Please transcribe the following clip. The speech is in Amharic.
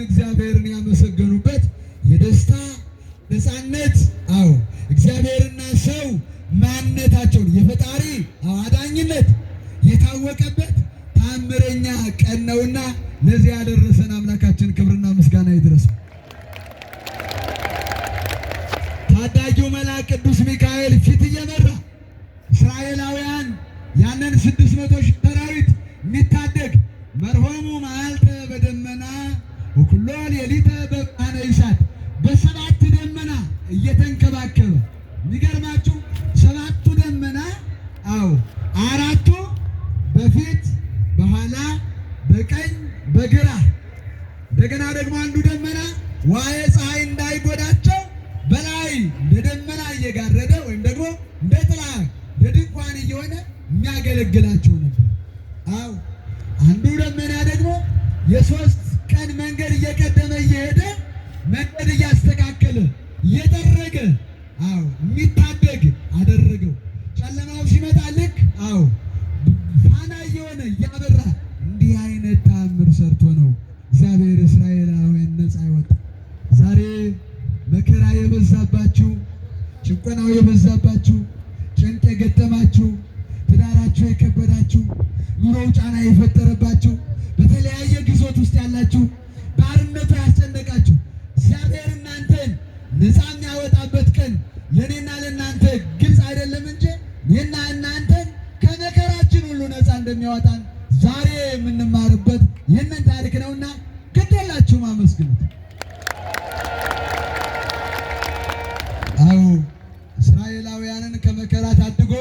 አሁን እግዚአብሔርን ያመሰገኑበት የደስታ ነፃነት፣ አዎ እግዚአብሔርና ሰው ማንነታቸውን የፈጣሪ አዋዳኝነት የታወቀበት ታምረኛ ቀን ነውና ለዚህ ያደረሰን አምላካችን ክብርና ምስጋና ይድረስ። ታዳጊው መልአክ ቅዱስ ሚካኤል ፊት እየመራ እስራኤላውያን ያንን ስድስት መቶ ሺህ ሰራዊት የሚታደግ መርሆሙ ሌሊት በባነ እሳት በሰባት ደመና እየተንከባከበ የሚገርማችሁ ሰባቱ ደመና አዎ አራቱ በፊት በኋላ በቀኝ በግራ እንደገና ደግሞ አንዱ ደመና ዋየ ፀሐይ እንዳይጎዳቸው በላይ እንደ ደመና እየጋረደ ወይም ደግሞ እንደ ጥላ እንደ ድንኳን እየሆነ የሚያገለግላቸው ነበር። አዎ አንዱ ደመና ደግሞ የሶስት ቀን መንገድ እየቀደመ እየሄደ መንገድ እያስተካከለ እየጠረገ አዎ የሚታደግ አደረገው። ጨለማው ሲመጣ ልክ አዎ ፋና እየሆነ እያበራ እንዲህ አይነት ተአምር ሰርቶ ነው እግዚአብሔር እስራኤላውያን ነፃ ይወጣ። ዛሬ መከራ የበዛባችሁ፣ ጭቆናው የበዛባችሁ፣ ጭንቅ የገጠማችሁ፣ ትዳራችሁ የከበዳችሁ፣ ኑሮው ጫና የፈጠረባችሁ በተለያየ ጊዜ ያስጨነቃችሁ፣ ባርነቱ ያስጨነቃችሁ እግዚአብሔር እናንተን ነፃ የሚያወጣበት ቀን ለእኔና ለእናንተ ግልጽ አይደለም እንጂ እኔና እናንተን ከመከራችን ሁሉ ነፃ እንደሚያወጣን ዛሬ የምንማርበት ይህንን ታሪክ ነውና ግደላችሁም አመስግኑት። አዎ እስራኤላውያንን ከመከራ ታድጎ